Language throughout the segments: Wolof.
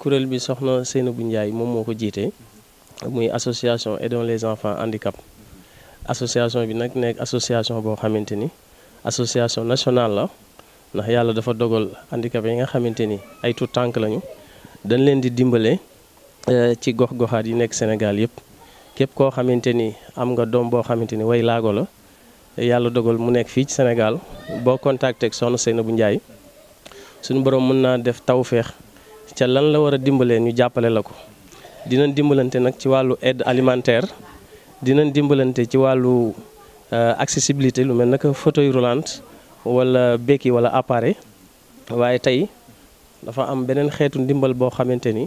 kuréel bi soxna bu Ndiaye moom moo ko jiitee muy association aidons les enfants handicap association bi nag nekk association boo xamante ni association nationale la ndax yàlla dafa dogal handicapé yi nga xamante ni ay tout tànk lañu dañ leen di dimbale e, ci gox-goxaat yi nekk senegal yëpp képp koo xamante ni am nga doom boo xamante ni way laago la yàlla dogal mu nekk fii ci Sénégal boo contacté ak soxna bu njaay suñ borom mën naa def tawféex ca lan la war a dimbalee ñu jàppale la ko dina dimbalante nag ci wàllu aide alimentaire dina dimbalante ci wàllu euh, accessibilité lu mel ne que fauteuil roulant wala béquille wala appareil waaye tey dafa am beneen xeetu ndimbal boo xamante ni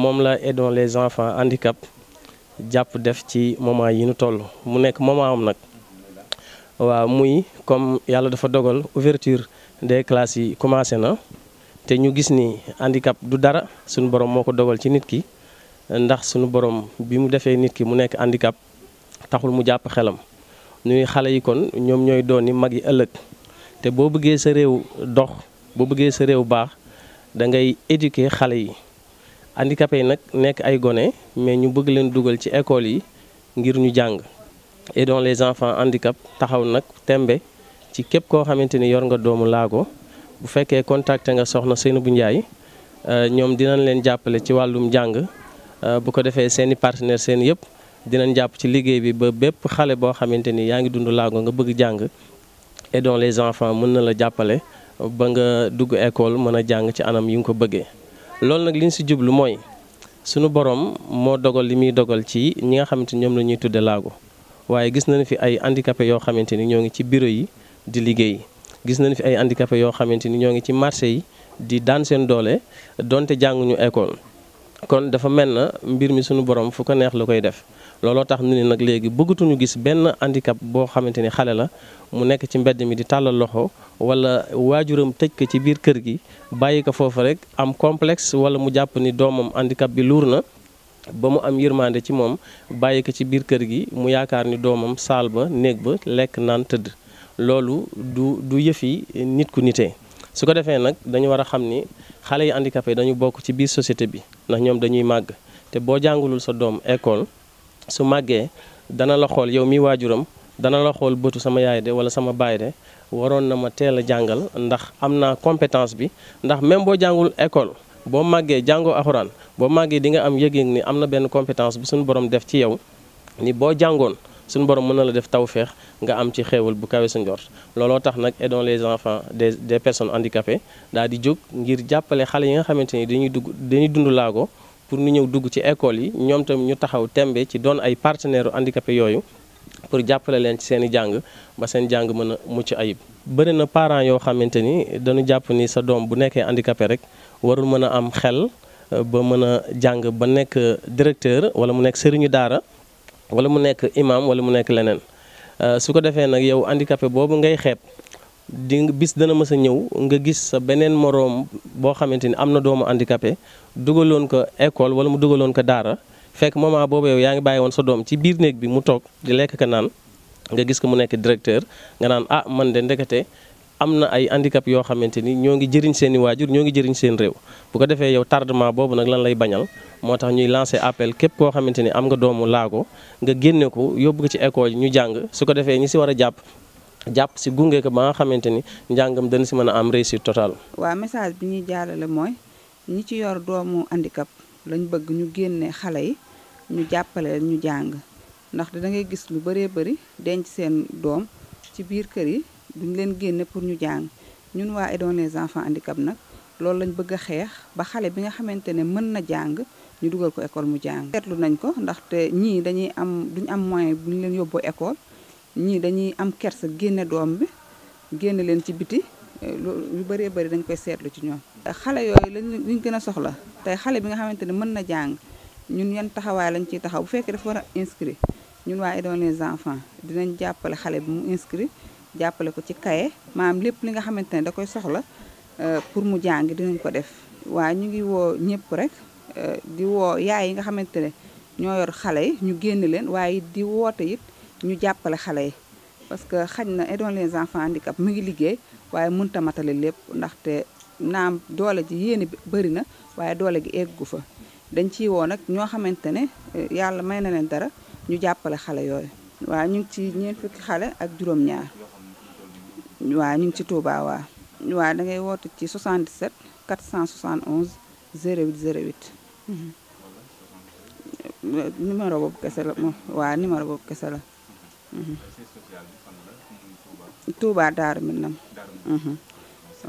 moom la aidons les enfants handicap jàpp def ci moment yi ñu toll mu nekk moment am nag waaw muy comme yàlla dafa dogal ouverture des classes yi commencé na te ñu gis ni handicap du dara suñu borom moo ko dogal ci nit ki ndax suñu borom bi mu defee nit ki mu nekk handicap taxul mu jàpp xelam ñuy xale yi kon ñoom ñooy doon ni mag yi ëllëg te boo bëggee sa réew dox boo bëggee sa réew baax da ngay éduquer xale yi handicapé yi nag nekk ay gone mais ñu bëgg leen dugal ci école yi ngir ñu jàng et donc les enfants handicap taxaw nag tembe ci képp koo xamante ni yor nga doomu laago bu fekkee contacté nga soxna Seynabou Ndiaye euh, ñoom dinañ leen jàppale ci wàllum jàng euh, bu ko defee seeni i partenaire seen yëpp dinañ jàpp ci liggéey bi ba bépp xale boo xamante ni yaa ngi dund laago nga bëgg jàng et donc les enfants mën na la jàppale ba nga dugg école mën a jàng ci anam yi nga ko bëggee loolu nag li ñu si jublu mooy sunu borom moo dogal li muy dogal ci ñi nga xamante ni ñoom la ñuy tudde laago waaye gis nañ fi ay handicapé yoo xamante ni ñoo ngi ci bureau yi di liggéey gis nañ fi ay handicapés yoo xamante ni ñoo ngi ci marché yi di daan seen doole donte jànguñu école. kon dafa mel na mbir mi sunu borom fu ko neex la koy def looloo tax ñu ne nag léegi bëggatuñu gis benn handicap boo xamante ni xale la mu nekk ci mbedd mi di tàllal loxo wala waajuram tëj ko ci biir kër gi bàyyi ko foofu rek am complexe wala mu jàpp ni doomam handicap bi luur na ba mu am yërmande ci moom bàyyi ko ci biir kër gi mu yaakaar ni doomam saal ba néeg ba lekk naan tëdd. loolu du du yëfi nit ku nitee su ko defee nag dañu war a xam ni xale yi handicapé yi dañu bokk ci biir société bi ndax ñoom dañuy màgg te boo jàngulul sa doom école su màggee dana la xool yow mi waajuram dana la xool bëtu sama yaay de wala sama baay de waroon na ma teel a jàngal ndax am naa compétence bi ndax même boo jàngul école boo màggee jàngoo alxuraan boo màggee di nga am yëg ni am na benn compétence bi suñu borom def ci yow ni boo jàngoon suñ borom mën na la def tawféex nga am ci xéewal bu kawe sa njort looloo tax nag aidons les enfants des des personnes handicapées daal di jóg ngir jàppale xale yi nga xamante ni dañuy dugg dañuy dund laago pour ñu ñëw dugg ci école yi ñoom tamit ñu taxaw tembe ci doon ay partenaires handicapés yooyu pour jàppale leen ci seen i jàng ba seen jàng mën a mucc ayib. bëri na parent yoo xamante ni dañu jàpp ni sa doom bu nekkee handicapé rek warul mën a am xel euh, ba mën a jàng ba nekk directeur wala mu nekk sëriñu daara. wala mu nekk imam wala mu nekk leneen euh, su ko defee nag yow handicapé boobu ngay xeeb di bis dana mës a ñëw nga gis sa beneen moroom boo xamante ni am na doomu handicapé dugaloon ko école wala mu dugaloon ko daara fekk moment boobu yow yaa ngi bàyyi woon sa doom ci biir néeg bi mu toog di lekk ka naan nga gis ko mu nekk directeur nga naan ah man de ndekete am na ay handicap yoo xamante ni ñoo ngi jëriñ seen i waajur ñoo ngi jëriñ seen réew bu ko defee yow tardement boobu nag lan lay bañal moo tax ñuy lancé appel képp koo xamante ni am nga doomu laago nga génne ko yóbbu ci école yi ñu jàng su ko defee ñu si war a jàpp jàpp si gunge ko ba nga xamante ni njàngam dana si mën a am réussite totale. waaw message bi ñuy jàllale mooy ñi ci yor doomu handicap lañ bëgg ñu génne xale yi ñu jàppale ñu jàng ndax da ngay gis lu bëree bëri denc seen doom ci biir kër yi duñ leen génne pour ñu jàng ñun waa Aidons les enfants handicap nag loolu lañ bëgg a xeex ba xale bi nga xamante ne mën na jàng. ñu dugal ko école mu jàng seetlu nañ ko ndaxte ñii dañuy am duñ am moyen bu ñu leen yóbboo école ñii dañuy am kersa génne doom bi génne leen ci biti eh, lu bëree bëri dañ koy seetlu ci ñoom xale yooyu lañ luñ gën a soxla tey xale bi nga xamante ne mën na jàng ñun yan taxawaay lañ ciy taxaw bu fekkee dafa war a inscrit ñun waaye Aidons les enfants dinañ jàppale xale bi mu inscrit jàppale ko ci kaye maam lépp li nga xamante ne da koy soxla eh, pour mu jàng dinañ ko def waaye ñu ngi woo rek di woo yaay yi nga xamante ne ñoo yor xale yi ñu génn leen waaye di woote it ñu jàppale xale yi parce que xaj na aidons les enfants handicap mu ngi liggéey waaye mënta matale lépp ndaxte naam doole ji yéene bëri na waaye doole gi eggu fa dañ ciy woo nag ñoo xamante ne eh, yàlla may na leen dara ñu jàppale xale yooyu waaw ñu ngi ci ñeent fukki xale ak juróom-ñaar waaw ñu ngi ci Touba waa waa da ngay woote ci 77 471 08 08 Mhm. numéro boobu kese la moom waa numéro boobu kese la. Mhm. Touba Darou Minam. Mhm.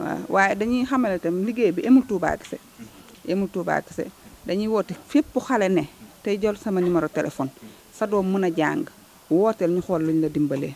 waaw waaye dañuy xamale tam liggéey bi emu Touba kese. emu Touba kese dañuy woote fépp xale ne tey jël sama numéro téléphone sa doom mën a jàng wooteel ñu xool luñ la dimbalee.